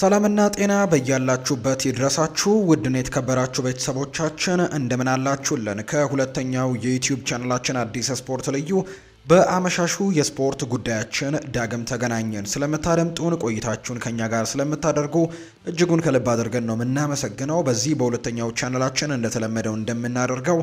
ሰላምና ጤና በያላችሁበት ይድረሳችሁ። ውድን የተከበራችሁ ቤተሰቦቻችን እንደምን አላችሁልን? ከሁለተኛው የዩትዩብ ቻናላችን አዲስ ስፖርት ልዩ በአመሻሹ የስፖርት ጉዳያችን ዳግም ተገናኘን። ስለምታደምጡን ቆይታችሁን ከኛ ጋር ስለምታደርጉ እጅጉን ከልብ አድርገን ነው የምናመሰግነው። በዚህ በሁለተኛው ቻነላችን እንደተለመደው እንደምናደርገው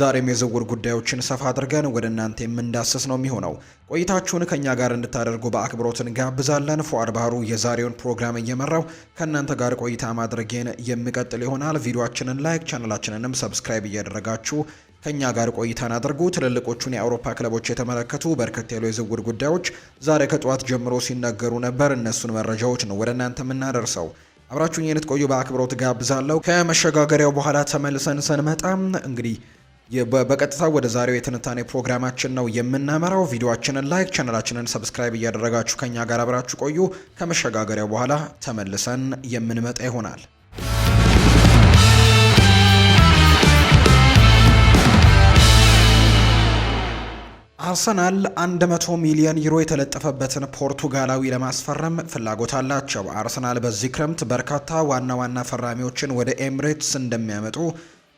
ዛሬም የዝውውር ጉዳዮችን ሰፋ አድርገን ወደ እናንተ የምንዳስስ ነው የሚሆነው። ቆይታችሁን ከኛ ጋር እንድታደርጉ በአክብሮት እንጋብዛለን። ፉአድ ባህሩ የዛሬውን ፕሮግራም እየመራው ከእናንተ ጋር ቆይታ ማድረጌን የሚቀጥል ይሆናል። ቪዲዮችንን ላይክ ቻነላችንንም ሰብስክራይብ እያደረጋችሁ ከኛ ጋር ቆይታን አድርጉ። ትልልቆቹን የአውሮፓ ክለቦች የተመለከቱ በርከት ያሉ የዝውውር ጉዳዮች ዛሬ ከጠዋት ጀምሮ ሲነገሩ ነበር። እነሱን መረጃዎች ነው ወደ እናንተ የምናደርሰው። አብራችሁን ቆዩ በአክብሮት ጋብዛለሁ። ከመሸጋገሪያው በኋላ ተመልሰን ስንመጣም እንግዲህ በቀጥታ ወደ ዛሬው የትንታኔ ፕሮግራማችን ነው የምናመራው። ቪዲዮችንን ላይክ፣ ቻነላችንን ሰብስክራይብ እያደረጋችሁ ከኛ ጋር አብራችሁ ቆዩ። ከመሸጋገሪያው በኋላ ተመልሰን የምንመጣ ይሆናል። አርሰናል 100 ሚሊዮን ዩሮ የተለጠፈበትን ፖርቱጋላዊ ለማስፈረም ፍላጎት አላቸው። አርሰናል በዚህ ክረምት በርካታ ዋና ዋና ፈራሚዎችን ወደ ኤምሬትስ እንደሚያመጡ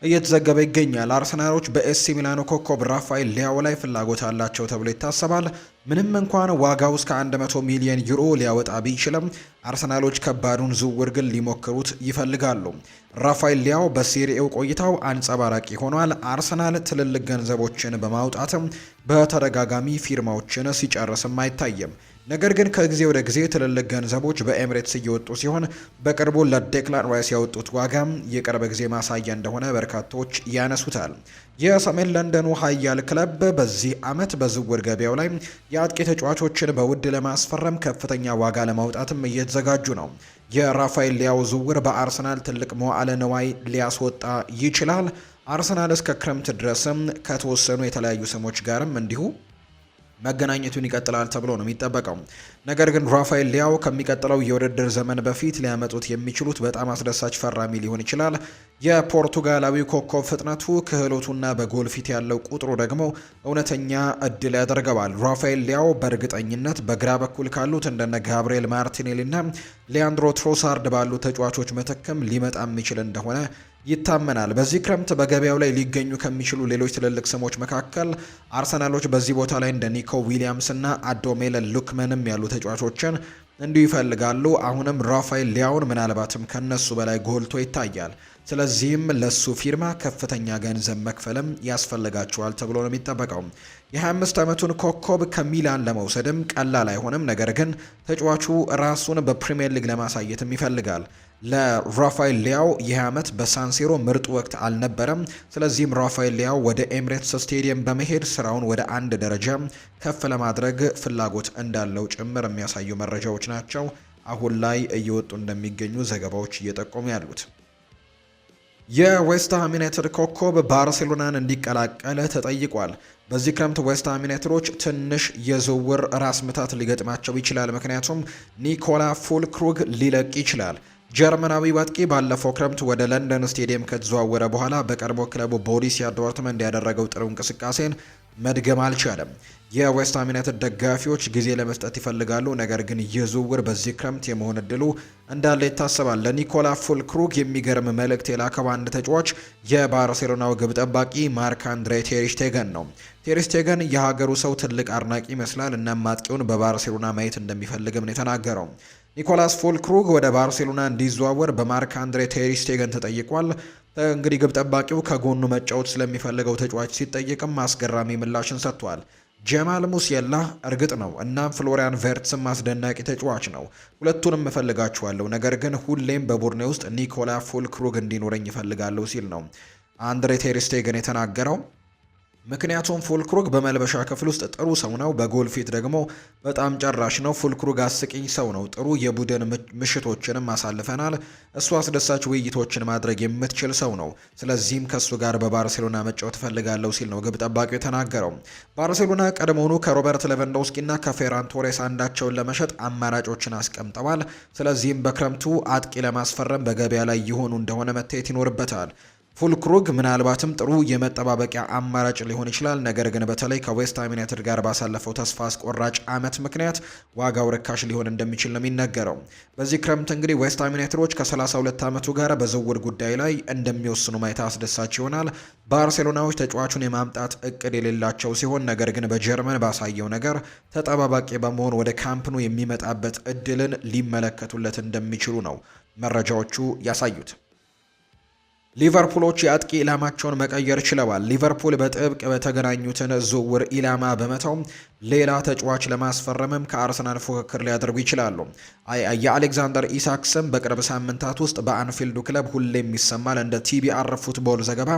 እየተዘገበ ይገኛል። አርሰናሎች በኤሲ ሚላኖ ኮከብ ራፋኤል ሊያው ላይ ፍላጎት አላቸው ተብሎ ይታሰባል። ምንም እንኳን ዋጋው እስከ 100 ሚሊዮን ዩሮ ሊያወጣ ቢችልም አርሰናሎች ከባዱን ዝውውር ግን ሊሞክሩት ይፈልጋሉ። ራፋኤል ሊያው በሴሪኤው ቆይታው አንጸባራቂ ሆኗል። አርሰናል ትልልቅ ገንዘቦችን በማውጣትም በተደጋጋሚ ፊርማዎችን ሲጨርስም አይታይም። ነገር ግን ከጊዜ ወደ ጊዜ ትልልቅ ገንዘቦች በኤምሬትስ እየወጡ ሲሆን በቅርቡ ለዴክላን ራይስ ያወጡት ዋጋም የቅርብ ጊዜ ማሳያ እንደሆነ በርካቶች ያነሱታል። የሰሜን ለንደኑ ኃያል ክለብ በዚህ ዓመት በዝውውር ገበያው ላይ የአጥቂ ተጫዋቾችን በውድ ለማስፈረም ከፍተኛ ዋጋ ለማውጣትም እየተዘጋጁ ነው። የራፋኤል ሊያው ዝውውር በአርሰናል ትልቅ መዋዕለ ንዋይ ሊያስወጣ ይችላል። አርሰናል እስከ ክረምት ድረስም ከተወሰኑ የተለያዩ ስሞች ጋርም እንዲሁ መገናኘቱን ይቀጥላል ተብሎ ነው የሚጠበቀው። ነገር ግን ራፋኤል ሊያው ከሚቀጥለው የውድድር ዘመን በፊት ሊያመጡት የሚችሉት በጣም አስደሳች ፈራሚ ሊሆን ይችላል። የፖርቱጋላዊ ኮከብ ፍጥነቱ፣ ክህሎቱና በጎል ፊት ያለው ቁጥሩ ደግሞ እውነተኛ እድል ያደርገዋል። ራፋኤል ሊያው በእርግጠኝነት በግራ በኩል ካሉት እንደነ ጋብሪኤል ማርቲኔሊና ሊያንድሮ ትሮሳርድ ባሉ ተጫዋቾች ምትክም ሊመጣ የሚችል እንደሆነ ይታመናል። በዚህ ክረምት በገበያው ላይ ሊገኙ ከሚችሉ ሌሎች ትልልቅ ስሞች መካከል አርሰናሎች በዚህ ቦታ ላይ እንደ ኒኮ ዊሊያምስ እና አዶሜለ ሉክመንም ያሉ ተጫዋቾችን እንዲሁ ይፈልጋሉ። አሁንም ራፋኤል ሊያውን ምናልባትም ከነሱ በላይ ጎልቶ ይታያል። ስለዚህም ለሱ ፊርማ ከፍተኛ ገንዘብ መክፈልም ያስፈልጋቸዋል ተብሎ ነው የሚጠበቀው። የ25 ዓመቱን ኮከብ ከሚላን ለመውሰድም ቀላል አይሆንም። ነገር ግን ተጫዋቹ ራሱን በፕሪምየር ሊግ ለማሳየትም ይፈልጋል። ለራፋኤል ሊያው ይህ ዓመት በሳንሲሮ ምርጥ ወቅት አልነበረም። ስለዚህም ራፋኤል ሊያው ወደ ኤምሬትስ ስቴዲየም በመሄድ ስራውን ወደ አንድ ደረጃ ከፍ ለማድረግ ፍላጎት እንዳለው ጭምር የሚያሳዩ መረጃዎች ናቸው አሁን ላይ እየወጡ እንደሚገኙ ዘገባዎች እየጠቆሙ ያሉት። የዌስትሃም ዩናይትድ ኮከብ ባርሴሎናን እንዲቀላቀል ተጠይቋል። በዚህ ክረምት ዌስትሃም ዩናይትዶች ትንሽ የዝውውር ራስ ምታት ሊገጥማቸው ይችላል። ምክንያቱም ኒኮላ ፉልክሩግ ሊለቅ ይችላል። ጀርመናዊ አጥቂ ባለፈው ክረምት ወደ ለንደን ስቴዲየም ከተዘዋወረ በኋላ በቀድሞ ክለቡ ቦሪሲያ ዶርትመንድ ያደረገው ጥሩ እንቅስቃሴን መድገም አልቻለም። የዌስትሃም ዩናይትድ ደጋፊዎች ጊዜ ለመስጠት ይፈልጋሉ፣ ነገር ግን ይህ ዝውውር በዚህ ክረምት የመሆን እድሉ እንዳለ ይታሰባል። ለኒኮላ ፉልክሩግ የሚገርም መልእክት የላከው አንድ ተጫዋች የባርሴሎናው ግብ ጠባቂ ማርክ አንድሬ ቴሪሽቴገን ነው። ቴሪስቴገን የሀገሩ ሰው ትልቅ አድናቂ ይመስላል እና ማጥቂውን በባርሴሎና ማየት እንደሚፈልግም ነው የተናገረው። ኒኮላስ ፎልክሩግ ወደ ባርሴሎና እንዲዘዋወር በማርክ አንድሬ ቴሪስቴገን ተጠይቋል። እንግዲህ ግብ ጠባቂው ከጎኑ መጫወት ስለሚፈልገው ተጫዋች ሲጠይቅም አስገራሚ ምላሽን ሰጥቷል። ጀማል ሙስየላ እርግጥ ነው እናም ፍሎሪያን ቨርትስም አስደናቂ ተጫዋች ነው። ሁለቱንም እፈልጋችኋለሁ። ነገር ግን ሁሌም በቡድኔ ውስጥ ኒኮላ ፎልክሩግ እንዲኖረኝ ይፈልጋለሁ ሲል ነው አንድሬ ቴሪስቴገን የተናገረው። ምክንያቱም ፉልክሩግ በመልበሻ ክፍል ውስጥ ጥሩ ሰው ነው፣ በጎል ፊት ደግሞ በጣም ጨራሽ ነው። ፉልክሩግ አስቂኝ ሰው ነው። ጥሩ የቡድን ምሽቶችንም አሳልፈናል። እሱ አስደሳች ውይይቶችን ማድረግ የምትችል ሰው ነው። ስለዚህም ከእሱ ጋር በባርሴሎና መጫወት እፈልጋለሁ ሲል ነው ግብ ጠባቂው የተናገረው። ባርሴሎና ቀድሞውኑ ከሮበርት ሌቫንዶውስኪና ከፌራን ቶሬስ አንዳቸውን ለመሸጥ አማራጮችን አስቀምጠዋል። ስለዚህም በክረምቱ አጥቂ ለማስፈረም በገበያ ላይ የሆኑ እንደሆነ መታየት ይኖርበታል። ፉልክሩግ ምናልባትም ጥሩ የመጠባበቂያ አማራጭ ሊሆን ይችላል። ነገር ግን በተለይ ከዌስትሃም ዩናይትድ ጋር ባሳለፈው ተስፋ አስቆራጭ ዓመት ምክንያት ዋጋው ርካሽ ሊሆን እንደሚችል ነው የሚነገረው። በዚህ ክረምት እንግዲህ ዌስትሃም ዩናይትዶች ከ32 ዓመቱ ጋር በዝውውር ጉዳይ ላይ እንደሚወስኑ ማየት አስደሳች ይሆናል። ባርሴሎናዎች ተጫዋቹን የማምጣት እቅድ የሌላቸው ሲሆን፣ ነገር ግን በጀርመን ባሳየው ነገር ተጠባባቂ በመሆን ወደ ካምፕኑ የሚመጣበት እድልን ሊመለከቱለት እንደሚችሉ ነው መረጃዎቹ ያሳዩት። ሊቨርፑሎች የአጥቂ ኢላማቸውን መቀየር ችለዋል። ሊቨርፑል በጥብቅ በተገናኙትን ዝውውር ኢላማ በመተው ሌላ ተጫዋች ለማስፈረምም ከአርሰናል ፉክክር ሊያደርጉ ይችላሉ። የአሌክዛንደር ኢሳክ ስም በቅርብ ሳምንታት ውስጥ በአንፊልዱ ክለብ ሁሌም ይሰማል። እንደ ቲቢአር ፉትቦል ዘገባ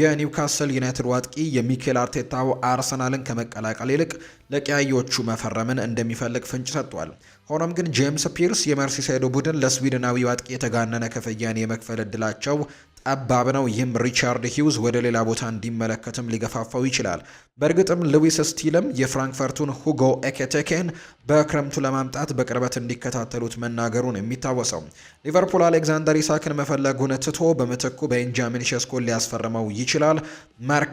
የኒውካስል ዩናይትድ አጥቂ የሚኬል አርቴታው አርሰናልን ከመቀላቀል ይልቅ ለቀያዮቹ መፈረምን እንደሚፈልግ ፍንጭ ሰጥቷል። ሆኖም ግን ጄምስ ፒርስ የመርሲሳይዶ ቡድን ለስዊድናዊ አጥቂ የተጋነነ ክፍያን የመክፈል እድላቸው ጠባብ ነው። ይህም ሪቻርድ ሂውዝ ወደ ሌላ ቦታ እንዲመለከትም ሊገፋፋው ይችላል። በእርግጥም ሉዊስ ስቲልም የፍራንክፈርቱን ሁጎ ኤኬቴኬን በክረምቱ ለማምጣት በቅርበት እንዲከታተሉት መናገሩን የሚታወሰው ሊቨርፑል አሌክዛንደር ኢሳክን መፈለጉን ትቶ በምትኩ በኢንጃሚን ሸስኮን ሊያስፈርመው ይችላል። ማርክ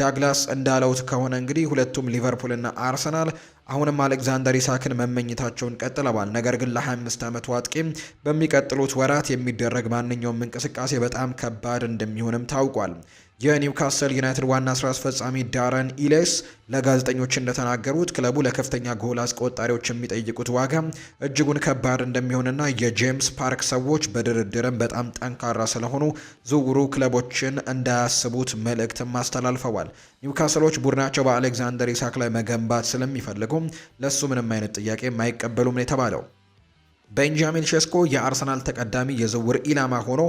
ዳግላስ እንዳለውት ከሆነ እንግዲህ ሁለቱም ሊቨርፑልና አርሰናል አሁንም አሌክዛንደር ኢሳክን መመኝታቸውን ቀጥለዋል። ነገር ግን ለ25 ዓመቱ አጥቂ በሚቀጥሉት ወራት የሚደረግ ማንኛውም እንቅስቃሴ በጣም ከባድ እንደሚሆንም ታውቋል። የኒውካስል ዩናይትድ ዋና ስራ አስፈጻሚ ዳረን ኢሌስ ለጋዜጠኞች እንደተናገሩት ክለቡ ለከፍተኛ ጎል አስቆጣሪዎች የሚጠይቁት ዋጋ እጅጉን ከባድ እንደሚሆንና የጄምስ ፓርክ ሰዎች በድርድርም በጣም ጠንካራ ስለሆኑ ዝውውሩ ክለቦችን እንዳያስቡት መልእክትም አስተላልፈዋል። ኒውካስሎች ቡድናቸው በአሌክዛንደር ኢሳክ ላይ መገንባት ስለሚፈልጉም ለእሱ ምንም አይነት ጥያቄ የማይቀበሉም የተባለው። ቤንጃሚን ሼስኮ የአርሰናል ተቀዳሚ የዝውውር ኢላማ ሆኖ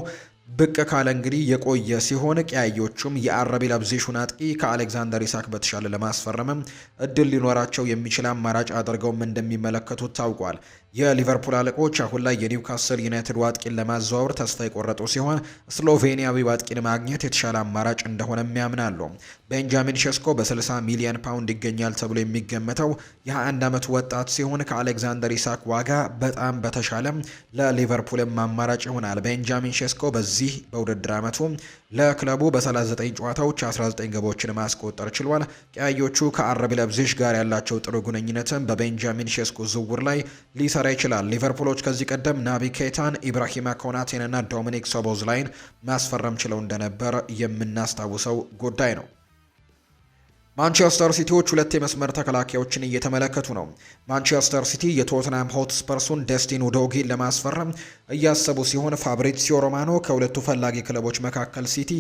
ብቅ ካለ እንግዲህ የቆየ ሲሆን ቀያዮቹም የአረቢ ላይፕዚጉን አጥቂ ከአሌክዛንደር ኢሳክ በተሻለ ለማስፈረምም እድል ሊኖራቸው የሚችል አማራጭ አድርገውም እንደሚመለከቱት ታውቋል። የሊቨርፑል አለቆች አሁን ላይ የኒውካስል ዩናይትድ ዋጥቂን ለማዘዋወር ተስፋ የቆረጡ ሲሆን ስሎቬኒያዊ ዋጥቂን ማግኘት የተሻለ አማራጭ እንደሆነም ያምናሉ። ቤንጃሚን ሸስኮ በ60 ሚሊዮን ፓውንድ ይገኛል ተብሎ የሚገመተው የ21 ዓመቱ ወጣት ሲሆን ከአሌክዛንደር ኢሳክ ዋጋ በጣም በተሻለም ለሊቨርፑልም አማራጭ ይሆናል። ቤንጃሚን ሸስኮ በዚህ በውድድር ዓመቱ ለክለቡ በ39 ጨዋታዎች 19 ግቦችን ማስቆጠር ችሏል። ቀያዮቹ ከአረብ ለብዚሽ ጋር ያላቸው ጥሩ ግንኙነትም በቤንጃሚን ሼስኩ ዝውውር ላይ ሊሰራ ይችላል። ሊቨርፑሎች ከዚህ ቀደም ናቢ ኬታን፣ ኢብራሂማ ኮናቴንና ዶሚኒክ ሶቦዝ ላይን ማስፈረም ችለው እንደነበር የምናስታውሰው ጉዳይ ነው። ማንቸስተር ሲቲዎች ሁለት የመስመር ተከላካዮችን እየተመለከቱ ነው። ማንቸስተር ሲቲ የቶትናም ሆትስፐርሱን ደስቲን ዶጊን ለማስፈረም እያሰቡ ሲሆን ፋብሪሲዮ ሮማኖ ከሁለቱ ፈላጊ ክለቦች መካከል ሲቲ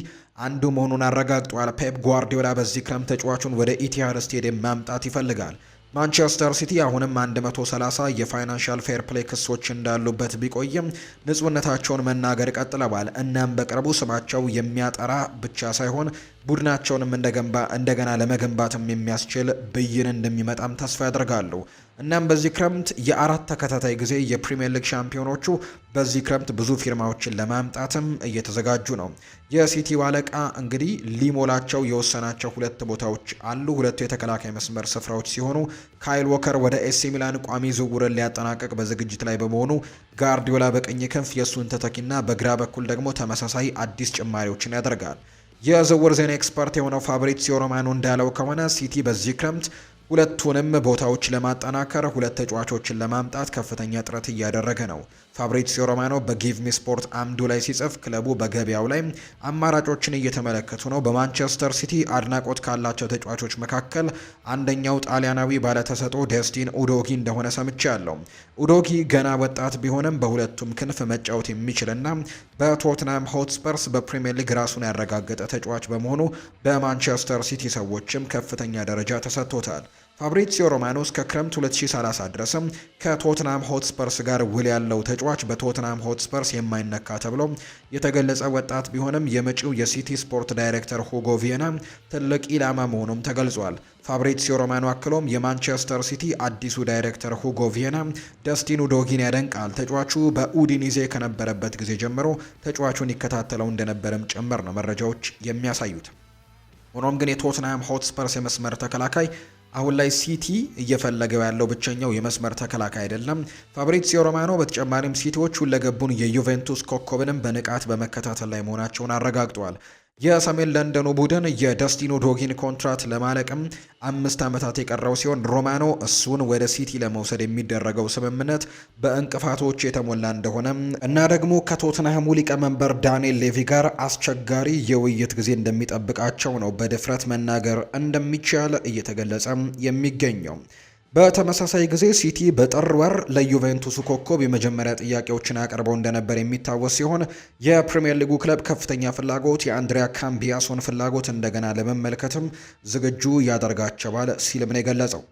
አንዱ መሆኑን አረጋግጧል። ፔፕ ጓርዲዮላ በዚህ ክረምት ተጫዋቹን ወደ ኢቲሃድ ስቴዲየም ማምጣት ይፈልጋል። ማንቸስተር ሲቲ አሁንም 130 የፋይናንሻል ፌር ፕሌይ ክሶች እንዳሉበት ቢቆይም ንጹህነታቸውን መናገር ቀጥለዋል። እናም በቅርቡ ስማቸው የሚያጠራ ብቻ ሳይሆን ቡድናቸውንም እንደገና ለመገንባትም የሚያስችል ብይን እንደሚመጣም ተስፋ ያደርጋሉ። እናም በዚህ ክረምት የአራት ተከታታይ ጊዜ የፕሪምየር ሊግ ሻምፒዮኖቹ በዚህ ክረምት ብዙ ፊርማዎችን ለማምጣትም እየተዘጋጁ ነው። የሲቲው አለቃ እንግዲህ ሊሞላቸው የወሰናቸው ሁለት ቦታዎች አሉ። ሁለቱ የተከላካይ መስመር ስፍራዎች ሲሆኑ ካይል ወከር ወደ ኤሲ ሚላን ቋሚ ዝውውርን ሊያጠናቀቅ በዝግጅት ላይ በመሆኑ ጋርዲዮላ በቀኝ ክንፍ የእሱን ተተኪና በግራ በኩል ደግሞ ተመሳሳይ አዲስ ጭማሪዎችን ያደርጋል። የዝውውር ዜና ኤክስፐርት የሆነው ፋብሪዚዮ ሮማኖ እንዳለው ከሆነ ሲቲ በዚህ ክረምት ሁለቱንም ቦታዎች ለማጠናከር ሁለት ተጫዋቾችን ለማምጣት ከፍተኛ ጥረት እያደረገ ነው። ፋብሪዚዮ ሮማኖ በጊቭ ሚ ስፖርት አምዱ ላይ ሲጽፍ ክለቡ በገበያው ላይ አማራጮችን እየተመለከቱ ነው። በማንቸስተር ሲቲ አድናቆት ካላቸው ተጫዋቾች መካከል አንደኛው ጣሊያናዊ ባለተሰጦ ደስቲን ኡዶጊ እንደሆነ ያለው። ኡዶጊ ገና ወጣት ቢሆንም በሁለቱም ክንፍ መጫወት የሚችልና በቶትናም ሆትስፐርስ በፕሪምየር ሊግ ራሱን ያረጋገጠ ተጫዋች በመሆኑ በማንቸስተር ሲቲ ሰዎችም ከፍተኛ ደረጃ ተሰጥቶታል። ፋብሪዚዮ ሮማኖ እስከ ክረምት 2030 ድረስም ከቶትናም ሆትስፐርስ ጋር ውል ያለው ተጫዋች በቶትናም ሆትስፐርስ የማይነካ ተብሎ የተገለጸ ወጣት ቢሆንም የመጪው የሲቲ ስፖርት ዳይሬክተር ሁጎ ቪየና ትልቅ ኢላማ መሆኑም ተገልጿል። ፋብሪዚዮ ሮማኖ አክሎም የማንቸስተር ሲቲ አዲሱ ዳይሬክተር ሁጎ ቪየና ደስቲኑ ኡዶጊን ያደንቃል። ተጫዋቹ በኡዲኒዜ ከነበረበት ጊዜ ጀምሮ ተጫዋቹን ይከታተለው እንደነበረም ጭምር ነው መረጃዎች የሚያሳዩት። ሆኖም ግን የቶትናም ሆትስፐርስ የመስመር ተከላካይ አሁን ላይ ሲቲ እየፈለገው ያለው ብቸኛው የመስመር ተከላካይ አይደለም። ፋብሪዚዮ ሮማኖ በተጨማሪም ሲቲዎች ሁለገቡን የዩቬንቱስ ኮከብንም በንቃት በመከታተል ላይ መሆናቸውን አረጋግጠዋል። የሰሜን ለንደኑ ቡድን የደስቲኖ ዶጊን ኮንትራት ለማለቅም አምስት ዓመታት የቀረው ሲሆን ሮማኖ እሱን ወደ ሲቲ ለመውሰድ የሚደረገው ስምምነት በእንቅፋቶች የተሞላ እንደሆነ እና ደግሞ ከቶትናሃሙ ሊቀመንበር ዳንኤል ሌቪ ጋር አስቸጋሪ የውይይት ጊዜ እንደሚጠብቃቸው ነው በድፍረት መናገር እንደሚቻል እየተገለጸ የሚገኘው። በተመሳሳይ ጊዜ ሲቲ በጥር ወር ለዩቬንቱስ ኮከብ የመጀመሪያ ጥያቄዎችን አቅርበው እንደነበር የሚታወስ ሲሆን የፕሪምየር ሊጉ ክለብ ከፍተኛ ፍላጎት የአንድሪያ ካምቢያሶን ፍላጎት እንደገና ለመመልከትም ዝግጁ ያደርጋቸዋል ሲልም ነው የገለጸው።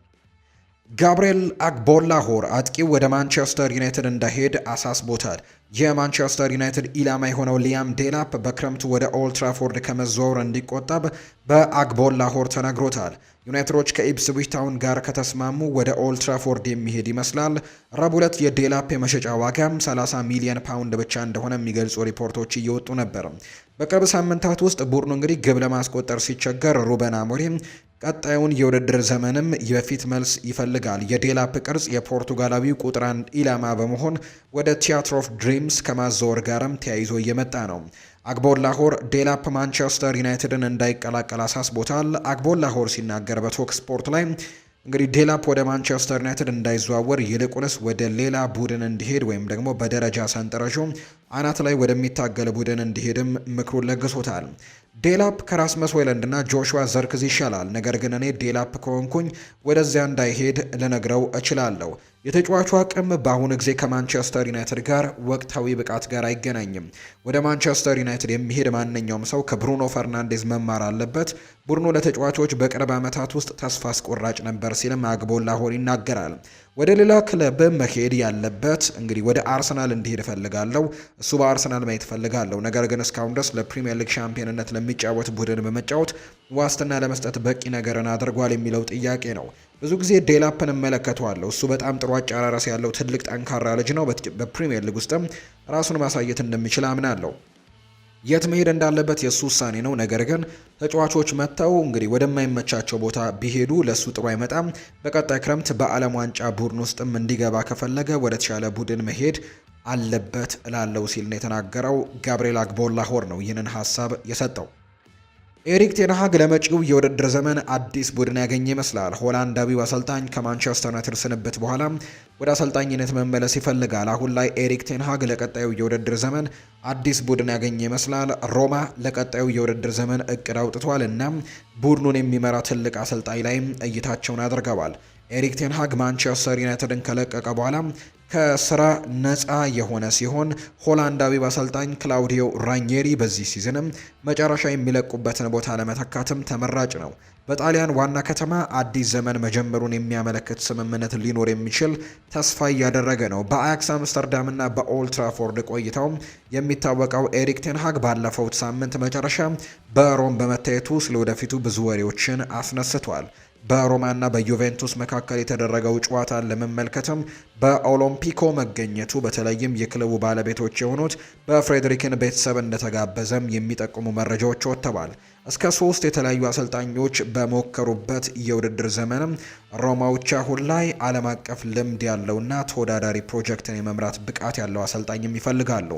ጋብርኤል አግቦላሆር አጥቂው ወደ ማንቸስተር ዩናይትድ እንዳይሄድ አሳስቦታል። የማንቸስተር ዩናይትድ ኢላማ የሆነው ሊያም ዴላፕ በክረምቱ ወደ ኦልትራፎርድ ከመዘዋወር እንዲቆጠብ በአግቦላሆር ተነግሮታል። ዩናይትዶች ከኢፕስዊች ታውን ጋር ከተስማሙ ወደ ኦልትራፎርድ የሚሄድ ይመስላል። ረቡዕ ዕለት የዴላፕ የመሸጫ ዋጋም 30 ሚሊዮን ፓውንድ ብቻ እንደሆነ የሚገልጹ ሪፖርቶች እየወጡ ነበር። በቅርብ ሳምንታት ውስጥ ቡድኑ እንግዲህ ግብ ለማስቆጠር ሲቸገር ሩበን አሞሪም ቀጣዩን የውድድር ዘመንም የፊት መልስ ይፈልጋል። የዴላፕ ቅርጽ የፖርቱጋላዊ ቁጥር አንድ ኢላማ በመሆን ወደ ቲያትር ኦፍ ድሪምስ ከማዘወር ጋርም ተያይዞ እየመጣ ነው። አግቦር ላሆር ዴላፕ ማንቸስተር ዩናይትድን እንዳይቀላቀል አሳስቦታል። አግቦር ላሆር ሲናገር በቶክ ስፖርት ላይ እንግዲህ ዴላፕ ወደ ማንቸስተር ዩናይትድ እንዳይዘዋወር ይልቁንስ ወደ ሌላ ቡድን እንዲሄድ ወይም ደግሞ በደረጃ ሰንጠረዡ አናት ላይ ወደሚታገል ቡድን እንዲሄድም ምክሩን ለግሶታል። ዴላፕ ከራስመስ እና ጆሹዋ ዘርክዝ ይሻላል። ነገር ግን እኔ ዴላፕ ከሆንኩኝ ወደዚያ እንዳይሄድ ልነግረው እችላለሁ። የተጫዋቹ አቅም በአሁኑ ጊዜ ከማንቸስተር ዩናይትድ ጋር ወቅታዊ ብቃት ጋር አይገናኝም። ወደ ማንቸስተር ዩናይትድ የሚሄድ ማንኛውም ሰው ከብሩኖ ፈርናንዴዝ መማር አለበት። ቡድኑ ለተጫዋቾች በቅርብ ዓመታት ውስጥ ተስፋ አስቆራጭ ነበር ሲልም አግቦላሆን ይናገራል። ወደ ሌላ ክለብ መሄድ ያለበት እንግዲህ ወደ አርሰናል እንዲሄድ እፈልጋለሁ። እሱ በአርሰናል ማየት እፈልጋለሁ። ነገር ግን እስካሁን ድረስ ለፕሪምየር ሊግ ሻምፒዮንነት ለሚጫወት ቡድን በመጫወት ዋስትና ለመስጠት በቂ ነገርን አድርጓል የሚለው ጥያቄ ነው። ብዙ ጊዜ ዴላፕን እመለከተዋለሁ። እሱ በጣም ጥሩ አጨራረስ ያለው ትልቅ ጠንካራ ልጅ ነው። በፕሪምየር ሊግ ውስጥም ራሱን ማሳየት እንደሚችል አምናለሁ። የት መሄድ እንዳለበት የእሱ ውሳኔ ነው። ነገር ግን ተጫዋቾች መጥተው እንግዲህ ወደማይመቻቸው ቦታ ቢሄዱ ለእሱ ጥሩ አይመጣም። በቀጣይ ክረምት በዓለም ዋንጫ ቡድን ውስጥም እንዲገባ ከፈለገ ወደ ተሻለ ቡድን መሄድ አለበት እላለው ሲል ነው የተናገረው። ጋብርኤል አግቦላሆር ነው ይህንን ሀሳብ የሰጠው። ኤሪክ ቴንሃግ ለመጪው የውድድር ዘመን አዲስ ቡድን ያገኘ ይመስላል። ሆላንዳዊው አሰልጣኝ ከማንቸስተር ዩናይትድ ስንብት በኋላ ወደ አሰልጣኝነት መመለስ ይፈልጋል። አሁን ላይ ኤሪክ ቴንሃግ ለቀጣዩ የውድድር ዘመን አዲስ ቡድን ያገኘ ይመስላል። ሮማ ለቀጣዩ የውድድር ዘመን እቅድ አውጥቷል እና ቡድኑን የሚመራ ትልቅ አሰልጣኝ ላይም እይታቸውን አድርገዋል። ኤሪክ ቴንሃግ ማንቸስተር ዩናይትድን ከለቀቀ በኋላ ከስራ ነፃ የሆነ ሲሆን ሆላንዳዊ አሰልጣኝ ክላውዲዮ ራኘሪ በዚህ ሲዝንም መጨረሻ የሚለቁበትን ቦታ ለመተካትም ተመራጭ ነው። በጣሊያን ዋና ከተማ አዲስ ዘመን መጀመሩን የሚያመለክት ስምምነት ሊኖር የሚችል ተስፋ እያደረገ ነው። በአያክስ አምስተርዳም ና በኦልትራፎርድ ቆይታውም የሚታወቀው ኤሪክ ቴንሃግ ባለፈው ሳምንት መጨረሻ በሮም በመታየቱ ስለወደፊቱ ብዙ ወሬዎችን አስነስቷል። በሮማና በዩቬንቱስ መካከል የተደረገው ጨዋታን ለመመልከትም በኦሎምፒኮ መገኘቱ በተለይም የክለቡ ባለቤቶች የሆኑት በፍሬድሪክን ቤተሰብ እንደተጋበዘም የሚጠቁሙ መረጃዎች ወጥተዋል። እስከ ሶስት የተለያዩ አሰልጣኞች በሞከሩበት የውድድር ዘመንም ሮማዎች አሁን ላይ ዓለም አቀፍ ልምድ ያለውና ተወዳዳሪ ፕሮጀክትን የመምራት ብቃት ያለው አሰልጣኝም ይፈልጋሉ።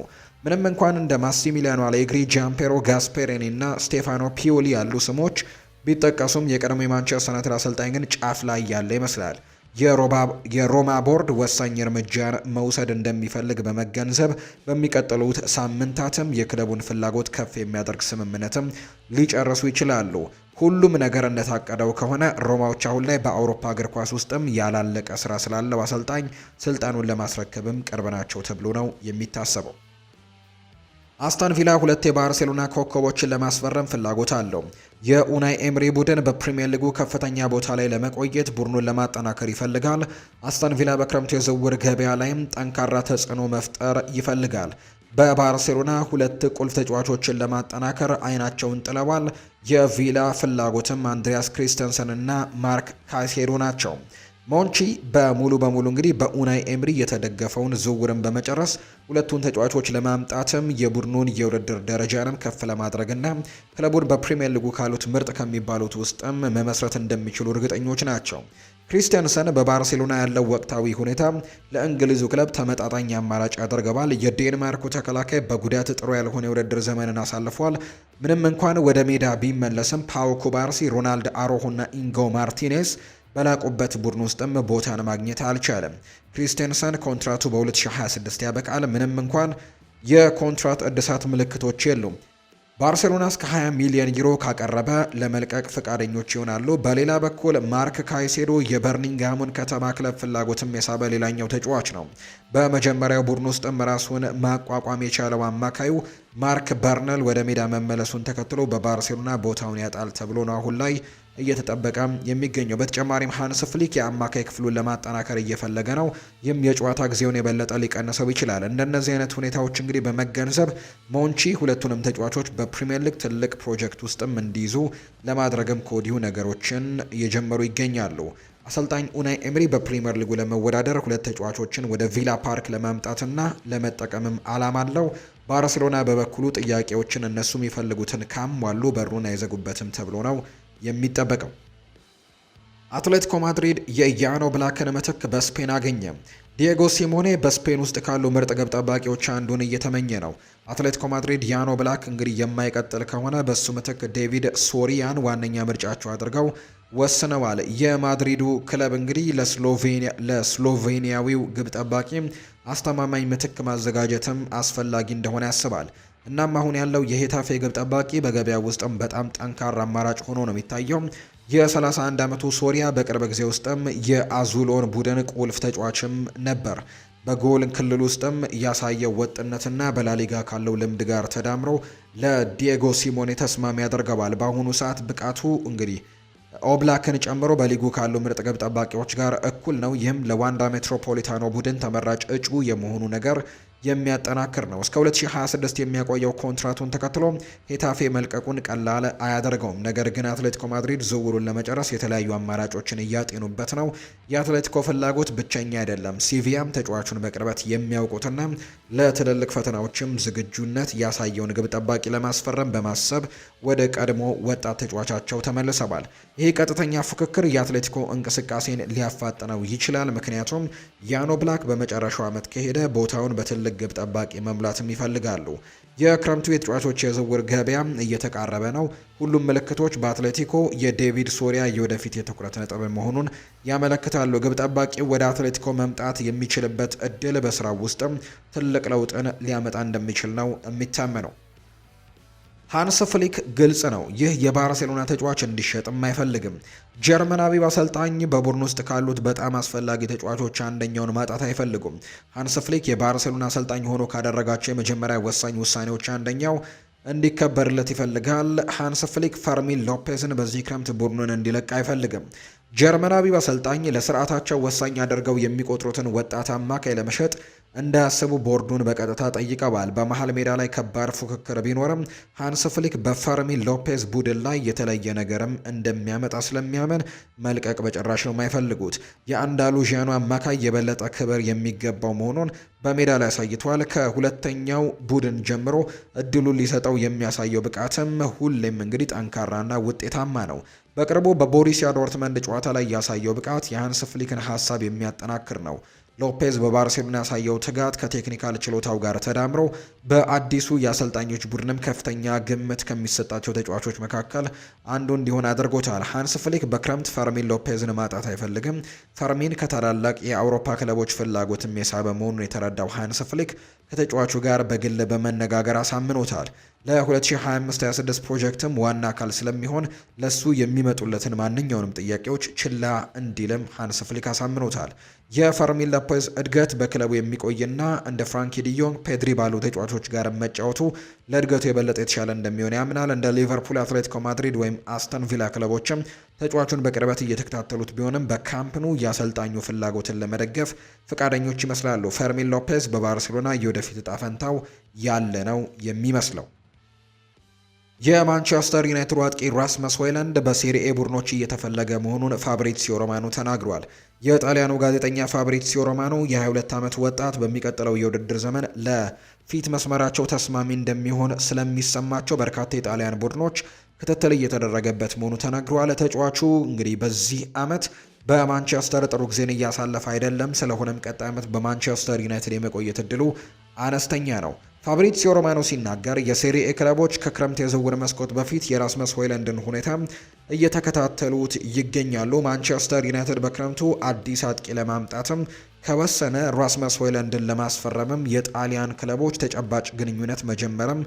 ምንም እንኳን እንደ ማሲሚሊያኖ አሌግሪ፣ ጃምፔሮ ጋስፔሬኒ እና ስቴፋኖ ፒዮሊ ያሉ ስሞች ቢጠቀሱም የቀድሞ የማንቸስተር ዩናይትድ አሰልጣኝ ግን ጫፍ ላይ ያለ ይመስላል። የሮማ ቦርድ ወሳኝ እርምጃ መውሰድ እንደሚፈልግ በመገንዘብ በሚቀጥሉት ሳምንታትም የክለቡን ፍላጎት ከፍ የሚያደርግ ስምምነትም ሊጨርሱ ይችላሉ። ሁሉም ነገር እንደታቀደው ከሆነ ሮማዎች አሁን ላይ በአውሮፓ እግር ኳስ ውስጥም ያላለቀ ስራ ስላለው አሰልጣኝ ስልጣኑን ለማስረከብም ቅርብ ናቸው ተብሎ ነው የሚታሰበው። አስተን ቪላ ሁለት የባርሴሎና ኮከቦችን ለማስፈረም ፍላጎት አለው። የኡናይ ኤምሪ ቡድን በፕሪምየር ሊጉ ከፍተኛ ቦታ ላይ ለመቆየት ቡድኑን ለማጠናከር ይፈልጋል። አስተን ቪላ በክረምቱ የዝውውር ገበያ ላይም ጠንካራ ተጽዕኖ መፍጠር ይፈልጋል። በባርሴሎና ሁለት ቁልፍ ተጫዋቾችን ለማጠናከር አይናቸውን ጥለዋል። የቪላ ፍላጎትም አንድሪያስ ክሪስተንሰን እና ማርክ ካሴዶ ናቸው። ሞንቺ በሙሉ በሙሉ እንግዲህ በኡናይ ኤምሪ የተደገፈውን ዝውውርን በመጨረስ ሁለቱን ተጫዋቾች ለማምጣትም የቡድኑን የውድድር ደረጃንም ከፍ ለማድረግና ክለቡን በፕሪምየር ሊጉ ካሉት ምርጥ ከሚባሉት ውስጥም መመስረት እንደሚችሉ እርግጠኞች ናቸው። ክሪስቲያንሰን በባርሴሎና ያለው ወቅታዊ ሁኔታ ለእንግሊዙ ክለብ ተመጣጣኝ አማራጭ ያደርገዋል። የዴንማርኩ ተከላካይ በጉዳት ጥሩ ያልሆነ የውድድር ዘመንን አሳልፏል። ምንም እንኳን ወደ ሜዳ ቢመለስም ፓው ኩባርሲ፣ ሮናልድ አሮሆና ኢንጎ ማርቲኔስ በላቁበት ቡድን ውስጥም ቦታን ማግኘት አልቻለም። ክሪስቴንሰን ኮንትራቱ በ2026 ያበቃል። ምንም እንኳን የኮንትራት እድሳት ምልክቶች የሉም። ባርሴሎና እስከ 20 ሚሊዮን ዩሮ ካቀረበ ለመልቀቅ ፈቃደኞች ይሆናሉ። በሌላ በኩል ማርክ ካይሴዶ የበርኒንግሃሙን ከተማ ክለብ ፍላጎትም የሳበ ሌላኛው ተጫዋች ነው። በመጀመሪያው ቡድን ውስጥም ራሱን ማቋቋም የቻለው አማካዩ ማርክ በርነል ወደ ሜዳ መመለሱን ተከትሎ በባርሴሎና ቦታውን ያጣል ተብሎ ነው አሁን ላይ እየተጠበቀ የሚገኘው። በተጨማሪም ሃንስ ፍሊክ የአማካይ ክፍሉን ለማጠናከር እየፈለገ ነው። ይህም የጨዋታ ጊዜውን የበለጠ ሊቀንሰው ይችላል። እንደነዚህ አይነት ሁኔታዎች እንግዲህ በመገንዘብ ሞንቺ ሁለቱንም ተጫዋቾች በፕሪምየር ሊግ ትልቅ ፕሮጀክት ውስጥም እንዲይዙ ለማድረግም ከወዲሁ ነገሮችን እየጀመሩ ይገኛሉ። አሰልጣኝ ኡናይ ኤምሪ በፕሪምየር ሊጉ ለመወዳደር ሁለት ተጫዋቾችን ወደ ቪላ ፓርክ ለማምጣትና ለመጠቀምም አላማ አለው። ባርሴሎና በበኩሉ ጥያቄዎችን እነሱ የሚፈልጉትን ካሟሉ በሩን አይዘጉበትም ተብሎ ነው የሚጠበቀው። አትሌቲኮ ማድሪድ የያኖ ብላክን ምትክ በስፔን አገኘ። ዲየጎ ሲሞኔ በስፔን ውስጥ ካሉ ምርጥ ግብ ጠባቂዎች አንዱን እየተመኘ ነው። አትሌቲኮ ማድሪድ ያኖ ብላክ እንግዲህ የማይቀጥል ከሆነ በሱ ምትክ ዴቪድ ሶሪያን ዋነኛ ምርጫቸው አድርገው ወስነዋል። የማድሪዱ ክለብ እንግዲህ ለስሎቬኒያዊው ግብ ጠባቂ አስተማማኝ ምትክ ማዘጋጀትም አስፈላጊ እንደሆነ ያስባል። እናም አሁን ያለው የሄታፌ ግብ ጠባቂ በገበያ ውስጥም በጣም ጠንካራ አማራጭ ሆኖ ነው የሚታየው። የ31 ዓመቱ ሶሪያ በቅርብ ጊዜ ውስጥም የአዙሎን ቡድን ቁልፍ ተጫዋችም ነበር። በጎል ክልል ውስጥም ያሳየው ወጥነትና በላሊጋ ካለው ልምድ ጋር ተዳምሮ ለዲየጎ ሲሞኔ ተስማሚ ያደርገዋል። በአሁኑ ሰዓት ብቃቱ እንግዲህ ኦብላክን ጨምሮ በሊጉ ካሉ ምርጥ ግብ ጠባቂዎች ጋር እኩል ነው። ይህም ለዋንዳ ሜትሮፖሊታኖ ቡድን ተመራጭ እጩ የመሆኑ ነገር የሚያጠናክር ነው። እስከ 2026 የሚያቆየው ኮንትራቱን ተከትሎ ሄታፌ መልቀቁን ቀላል አያደርገውም። ነገር ግን አትሌቲኮ ማድሪድ ዝውውሩን ለመጨረስ የተለያዩ አማራጮችን እያጤኑበት ነው። የአትሌቲኮ ፍላጎት ብቸኛ አይደለም። ሲቪያም ተጫዋቹን በቅርበት የሚያውቁትና ለትልልቅ ፈተናዎችም ዝግጁነት ያሳየውን ግብ ጠባቂ ለማስፈረም በማሰብ ወደ ቀድሞ ወጣት ተጫዋቻቸው ተመልሰዋል። ይህ ቀጥተኛ ፉክክር የአትሌቲኮ እንቅስቃሴን ሊያፋጥነው ይችላል። ምክንያቱም ያኖ ብላክ በመጨረሻው ዓመት ከሄደ ቦታውን በትልቅ ግብ ጠባቂ መሙላትም ይፈልጋሉ። የክረምቱ የተጫዋቾች የዝውውር ገበያ እየተቃረበ ነው። ሁሉም ምልክቶች በአትሌቲኮ የዴቪድ ሶሪያ የወደፊት የትኩረት ነጥብ መሆኑን ያመለክታሉ። ግብ ጠባቂው ወደ አትሌቲኮ መምጣት የሚችልበት እድል በስራው ውስጥም ትልቅ ለውጥን ሊያመጣ እንደሚችል ነው የሚታመነው። ሃንስ ፍሊክ ግልጽ ነው፣ ይህ የባርሴሎና ተጫዋች እንዲሸጥም አይፈልግም። ጀርመናዊ አሰልጣኝ በቡድን ውስጥ ካሉት በጣም አስፈላጊ ተጫዋቾች አንደኛውን ማጣት አይፈልጉም። ሃንስ ፍሊክ የባርሴሎና አሰልጣኝ ሆኖ ካደረጋቸው የመጀመሪያ ወሳኝ ውሳኔዎች አንደኛው እንዲከበርለት ይፈልጋል። ሃንስ ፍሊክ ፈርሚን ሎፔዝን በዚህ ክረምት ቡድኑን እንዲለቅ አይፈልግም። ጀርመናዊው አሰልጣኝ ለስርዓታቸው ወሳኝ አድርገው የሚቆጥሩትን ወጣት አማካይ ለመሸጥ እንዳያስቡ ቦርዱን በቀጥታ ጠይቀዋል። በመሀል ሜዳ ላይ ከባድ ፉክክር ቢኖርም ሃንስ ፍሊክ በፈርሚን ሎፔዝ ቡድን ላይ የተለየ ነገርም እንደሚያመጣ ስለሚያመን መልቀቅ በጭራሽ ነው የማይፈልጉት። የአንዳሉዥያኑ አማካይ የበለጠ ክብር የሚገባው መሆኑን በሜዳ ላይ አሳይቷል። ከሁለተኛው ቡድን ጀምሮ እድሉን ሊሰጠው የሚያሳየው ብቃትም ሁሌም እንግዲህ ጠንካራና ውጤታማ ነው። በቅርቡ በቦሪሲያ ዶርትመንድ ጨዋታ ላይ ያሳየው ብቃት የሃንስ ፍሊክን ሀሳብ የሚያጠናክር ነው። ሎፔዝ በባርሴ የምናሳየው ትጋት ከቴክኒካል ችሎታው ጋር ተዳምሮ በአዲሱ የአሰልጣኞች ቡድንም ከፍተኛ ግምት ከሚሰጣቸው ተጫዋቾች መካከል አንዱ እንዲሆን አድርጎታል። ሃንስ ፍሊክ በክረምት ፈርሚን ሎፔዝን ማጣት አይፈልግም። ፈርሚን ከታላላቅ የአውሮፓ ክለቦች ፍላጎትም የሳበ መሆኑን የተረዳው ሃንስ ፍሊክ ከተጫዋቹ ጋር በግል በመነጋገር አሳምኖታል። ለ2025/26 ፕሮጀክትም ዋና አካል ስለሚሆን ለሱ የሚመጡለትን ማንኛውንም ጥያቄዎች ችላ እንዲልም ሃንስ ፍሊክ አሳምኖታል። የፈርሚን ሎፔዝ እድገት በክለቡ የሚቆይና እንደ ፍራንኪ ዲዮንግ፣ ፔድሪ ባሉ ተጫዋቾች ጋር መጫወቱ ለእድገቱ የበለጠ የተሻለ እንደሚሆን ያምናል። እንደ ሊቨርፑል፣ አትሌቲኮ ማድሪድ ወይም አስተን ቪላ ክለቦችም ተጫዋቹን በቅርበት እየተከታተሉት ቢሆንም በካምፕኑ የአሰልጣኙ ፍላጎትን ለመደገፍ ፈቃደኞች ይመስላሉ። ፈርሚን ሎፔዝ በባርሴሎና የወደፊት እጣ ፈንታው ያለ ነው የሚመስለው። የማንቸስተር ዩናይትድ አጥቂ ራስመስ ሆይላንድ በሴሪኤ ቡድኖች እየተፈለገ መሆኑን ፋብሪዚዮ ሮማኖ ተናግሯል። የጣሊያኑ ጋዜጠኛ ፋብሪዚዮ ሮማኖ የ22 ዓመት ወጣት በሚቀጥለው የውድድር ዘመን ለፊት መስመራቸው ተስማሚ እንደሚሆን ስለሚሰማቸው በርካታ የጣሊያን ቡድኖች ክትትል እየተደረገበት መሆኑ ተናግሯል። ተጫዋቹ እንግዲህ በዚህ ዓመት በማንቸስተር ጥሩ ጊዜን እያሳለፈ አይደለም። ስለሆነም ቀጣይ ዓመት በማንቸስተር ዩናይትድ የመቆየት እድሉ አነስተኛ ነው። ፋብሪዚዮ ሮማኖ ሲናገር የሴሪኤ ክለቦች ከክረምት የዝውውር መስኮት በፊት የራስመስ ሆይለንድን ሁኔታ እየተከታተሉት ይገኛሉ። ማንቸስተር ዩናይትድ በክረምቱ አዲስ አጥቂ ለማምጣትም ከወሰነ ራስመስ ሆይለንድን ለማስፈረምም የጣሊያን ክለቦች ተጨባጭ ግንኙነት መጀመርም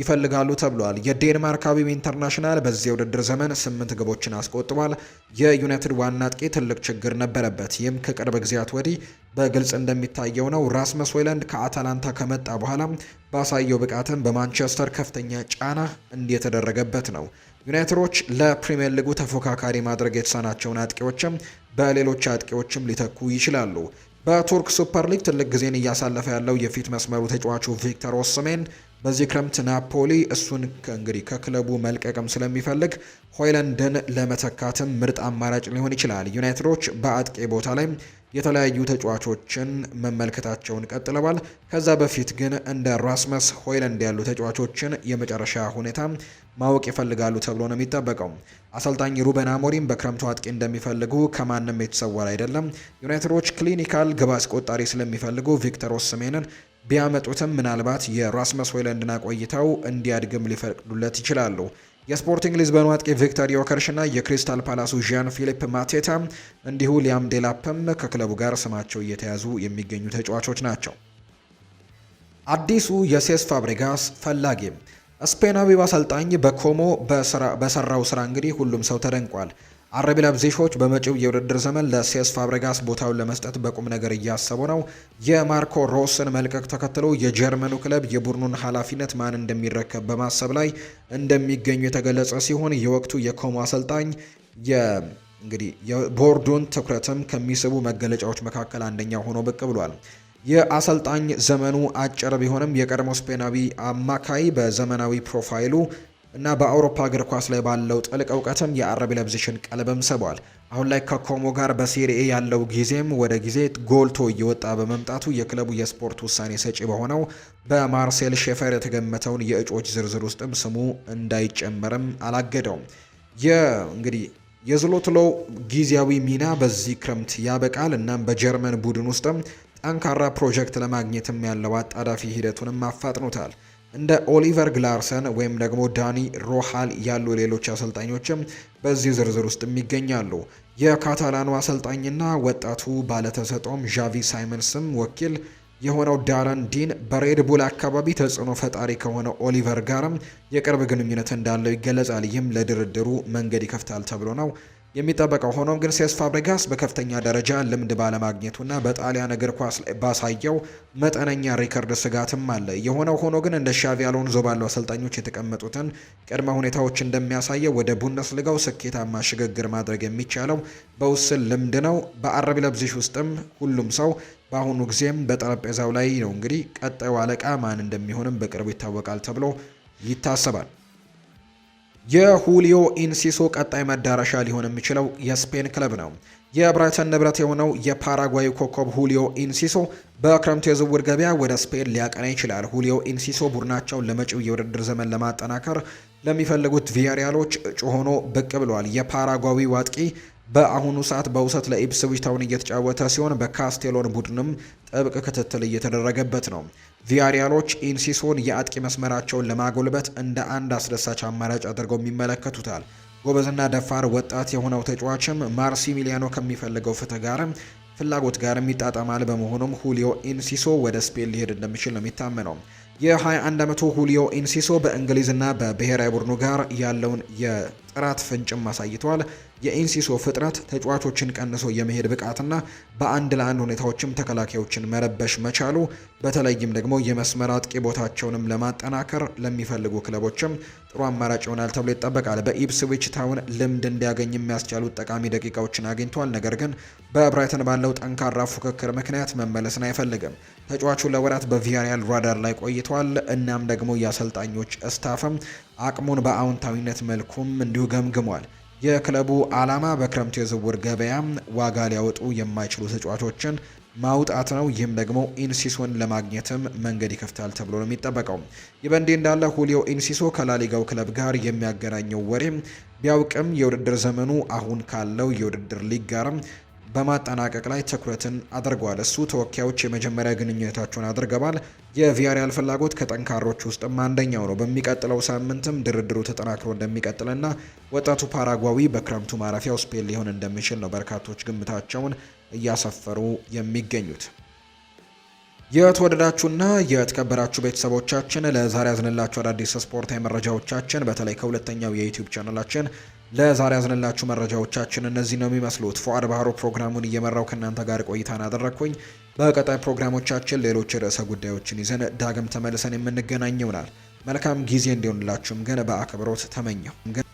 ይፈልጋሉ ተብሏል። የዴንማርካዊው ኢንተርናሽናል በዚህ የውድድር ዘመን ስምንት ግቦችን አስቆጥሯል። የዩናይትድ ዋና አጥቂ ትልቅ ችግር ነበረበት። ይህም ከቅርብ ጊዜያት ወዲህ በግልጽ እንደሚታየው ነው። ራስመስ ሆይለንድ ከአታላንታ ከመጣ በኋላ ባሳየው ብቃትም በማንቸስተር ከፍተኛ ጫና እየተደረገበት ነው። ዩናይትዶች ለፕሪምየር ሊጉ ተፎካካሪ ማድረግ የተሳናቸውን አጥቂዎችም በሌሎች አጥቂዎችም ሊተኩ ይችላሉ። በቱርክ ሱፐር ሊግ ትልቅ ጊዜን እያሳለፈ ያለው የፊት መስመሩ ተጫዋቹ ቪክተር ኦስሜን በዚህ ክረምት ናፖሊ እሱን እንግዲህ ከክለቡ መልቀቅም ስለሚፈልግ ሆይለንድን ለመተካትም ምርጥ አማራጭ ሊሆን ይችላል። ዩናይትዶች በአጥቂ ቦታ ላይ የተለያዩ ተጫዋቾችን መመልከታቸውን ቀጥለዋል። ከዛ በፊት ግን እንደ ራስመስ ሆይለንድ ያሉ ተጫዋቾችን የመጨረሻ ሁኔታ ማወቅ ይፈልጋሉ ተብሎ ነው የሚጠበቀው። አሰልጣኝ ሩበን አሞሪም በክረምቱ አጥቂ እንደሚፈልጉ ከማንም የተሰወረ አይደለም። ዩናይትዶች ክሊኒካል ግብ አስቆጣሪ ስለሚፈልጉ ቪክተር ኦስሜንን ቢያመጡትም ምናልባት የራስመስ ሆይለንድን አቆይተው እንዲያድግም ሊፈቅዱለት ይችላሉ። የስፖርቲንግ ሊዝበኑ አጥቂ ቪክተር ዮከርሽና የክሪስታል ፓላሱ ዣን ፊሊፕ ማቴታ እንዲሁ ሊያም ዴላፕም ከክለቡ ጋር ስማቸው እየተያዙ የሚገኙ ተጫዋቾች ናቸው። አዲሱ የሴስ ፋብሪጋስ ፈላጊም ስፔናዊው አሰልጣኝ በኮሞ በሰራው ስራ እንግዲህ ሁሉም ሰው ተደንቋል። አረቢ ለብዚሾች በመጪው የውድድር ዘመን ለሴስ ፋብሬጋስ ቦታውን ለመስጠት በቁም ነገር እያሰቡ ነው። የማርኮ ሮስን መልቀቅ ተከትሎ የጀርመኑ ክለብ የቡድኑን ኃላፊነት ማን እንደሚረከብ በማሰብ ላይ እንደሚገኙ የተገለጸ ሲሆን የወቅቱ የኮሞ አሰልጣኝ እንግዲህ የቦርዱን ትኩረትም ከሚስቡ መገለጫዎች መካከል አንደኛው ሆኖ ብቅ ብሏል። የአሰልጣኝ ዘመኑ አጭር ቢሆንም የቀድሞ ስፔናዊ አማካይ በዘመናዊ ፕሮፋይሉ እና በአውሮፓ እግር ኳስ ላይ ባለው ጥልቅ እውቀትም የአረብ ለብዝሽን ቀልብም ስቧል። አሁን ላይ ከኮሞ ጋር በሴሪኤ ያለው ጊዜም ወደ ጊዜ ጎልቶ እየወጣ በመምጣቱ የክለቡ የስፖርት ውሳኔ ሰጪ በሆነው በማርሴል ሼፈር የተገመተውን የእጩዎች ዝርዝር ውስጥም ስሙ እንዳይጨመርም አላገደውም። እንግዲህ የዝሎትሎ ጊዜያዊ ሚና በዚህ ክረምት ያበቃል። እናም በጀርመን ቡድን ውስጥም ጠንካራ ፕሮጀክት ለማግኘትም ያለው አጣዳፊ ሂደቱንም አፋጥኖታል። እንደ ኦሊቨር ግላርሰን ወይም ደግሞ ዳኒ ሮሃል ያሉ ሌሎች አሰልጣኞችም በዚህ ዝርዝር ውስጥ ይገኛሉ። የካታላኑ አሰልጣኝና ወጣቱ ባለተሰጦም ዣቪ ሳይመንስም ወኪል የሆነው ዳረን ዲን በሬድቡል አካባቢ ተጽዕኖ ፈጣሪ ከሆነ ኦሊቨር ጋርም የቅርብ ግንኙነት እንዳለው ይገለጻል። ይህም ለድርድሩ መንገድ ይከፍታል ተብሎ ነው የሚጠበቀው። ሆኖም ግን ሴስ ፋብሪጋስ በከፍተኛ ደረጃ ልምድ ባለማግኘቱና በጣሊያን እግር ኳስ ላይ ባሳየው መጠነኛ ሪከርድ ስጋትም አለ። የሆነው ሆኖ ግን እንደ ሻቪ አሎንዞ ባሉ አሰልጣኞች የተቀመጡትን ቅድመ ሁኔታዎች እንደሚያሳየው ወደ ቡንደስሊጋው ስኬታማ ሽግግር ማድረግ የሚቻለው በውስን ልምድ ነው። በአረብ ለብዚሽ ውስጥም ሁሉም ሰው በአሁኑ ጊዜም በጠረጴዛው ላይ ነው። እንግዲህ ቀጣዩ አለቃ ማን እንደሚሆንም በቅርቡ ይታወቃል ተብሎ ይታሰባል። የሁሊዮ ኢንሲሶ ቀጣይ መዳረሻ ሊሆን የሚችለው የስፔን ክለብ ነው። የብራይተን ንብረት የሆነው የፓራጓይ ኮከብ ሁሊዮ ኢንሲሶ በክረምቱ የዝውውር ገበያ ወደ ስፔን ሊያቀና ይችላል። ሁሊዮ ኢንሲሶ ቡድናቸውን ለመጪው የውድድር ዘመን ለማጠናከር ለሚፈልጉት ቪያሪያሎች እጩ ሆኖ ብቅ ብሏል። የፓራጓዊ ዋጥቂ በአሁኑ ሰዓት በውሰት ለኢፕስዊች ታውን እየተጫወተ ሲሆን በካስቴሎን ቡድንም ጥብቅ ክትትል እየተደረገበት ነው። ቪያሪያሎች ኢንሲሶን የአጥቂ መስመራቸውን ለማጎልበት እንደ አንድ አስደሳች አማራጭ አድርገው የሚመለከቱታል። ጎበዝና ደፋር ወጣት የሆነው ተጫዋችም ማርሲ ሚሊያኖ ከሚፈልገው ፍትህ ጋርም ፍላጎት ጋርም የሚጣጣማል። በመሆኑም ሁሊዮ ኢንሲሶ ወደ ስፔን ሊሄድ እንደሚችል ነው የሚታመነው። የ21 ዓመቱ ሁሊዮ ኢንሲሶ በእንግሊዝና በብሔራዊ ቡድኑ ጋር ያለውን ጥራት ፍንጭም አሳይተዋል። የኢንሲሶ ፍጥነት ተጫዋቾችን ቀንሶ የመሄድ ብቃትና በአንድ ለአንድ ሁኔታዎችም ተከላካዮችን መረበሽ መቻሉ በተለይም ደግሞ የመስመር አጥቂ ቦታቸውንም ለማጠናከር ለሚፈልጉ ክለቦችም ጥሩ አማራጭ ይሆናል ተብሎ ይጠበቃል። በኢፕስዊች ታውን ልምድ እንዲያገኝ የሚያስቻሉት ጠቃሚ ደቂቃዎችን አግኝቷል። ነገር ግን በብራይተን ባለው ጠንካራ ፉክክር ምክንያት መመለስን አይፈልግም። ተጫዋቹ ለወራት በቪያሪያል ራዳር ላይ ቆይቷል። እናም ደግሞ የአሰልጣኞች ስታፍም አቅሙን በአዎንታዊነት መልኩም እንዲሁ ገምግሟል። የክለቡ ዓላማ በክረምቱ የዝውውር ገበያ ዋጋ ሊያወጡ የማይችሉ ተጫዋቾችን ማውጣት ነው። ይህም ደግሞ ኢንሲሶን ለማግኘትም መንገድ ይከፍታል ተብሎ ነው የሚጠበቀው። ይህ በእንዲህ እንዳለ ሁሊዮ ኢንሲሶ ከላሊጋው ክለብ ጋር የሚያገናኘው ወሬም ቢያውቅም የውድድር ዘመኑ አሁን ካለው የውድድር ሊግ ጋርም በማጠናቀቅ ላይ ትኩረትን አድርጓል። እሱ ተወካዮች የመጀመሪያ ግንኙነታቸውን አድርገዋል። የቪያሪያል ፍላጎት ከጠንካሮች ውስጥም አንደኛው ነው። በሚቀጥለው ሳምንትም ድርድሩ ተጠናክሮ እንደሚቀጥልና ወጣቱ ፓራጓዊ በክረምቱ ማረፊያው ስፔን ሊሆን እንደሚችል ነው በርካቶች ግምታቸውን እያሰፈሩ የሚገኙት። የተወደዳችሁና የተከበራችሁ ቤተሰቦቻችን ለዛሬ ያዝንላችሁ አዳዲስ ስፖርታዊ መረጃዎቻችን በተለይ ከሁለተኛው የዩቲዩብ ቻናላችን ለዛሬ ያዝንላችሁ መረጃዎቻችን እነዚህ ነው የሚመስሉት። ፉአድ ባህሮ ፕሮግራሙን እየመራው ከእናንተ ጋር ቆይታን አደረግኩኝ። በቀጣይ ፕሮግራሞቻችን ሌሎች ርዕሰ ጉዳዮችን ይዘን ዳግም ተመልሰን የምንገናኝ ይሆናል። መልካም ጊዜ እንዲሆንላችሁም ግን በአክብሮት ተመኘሁ።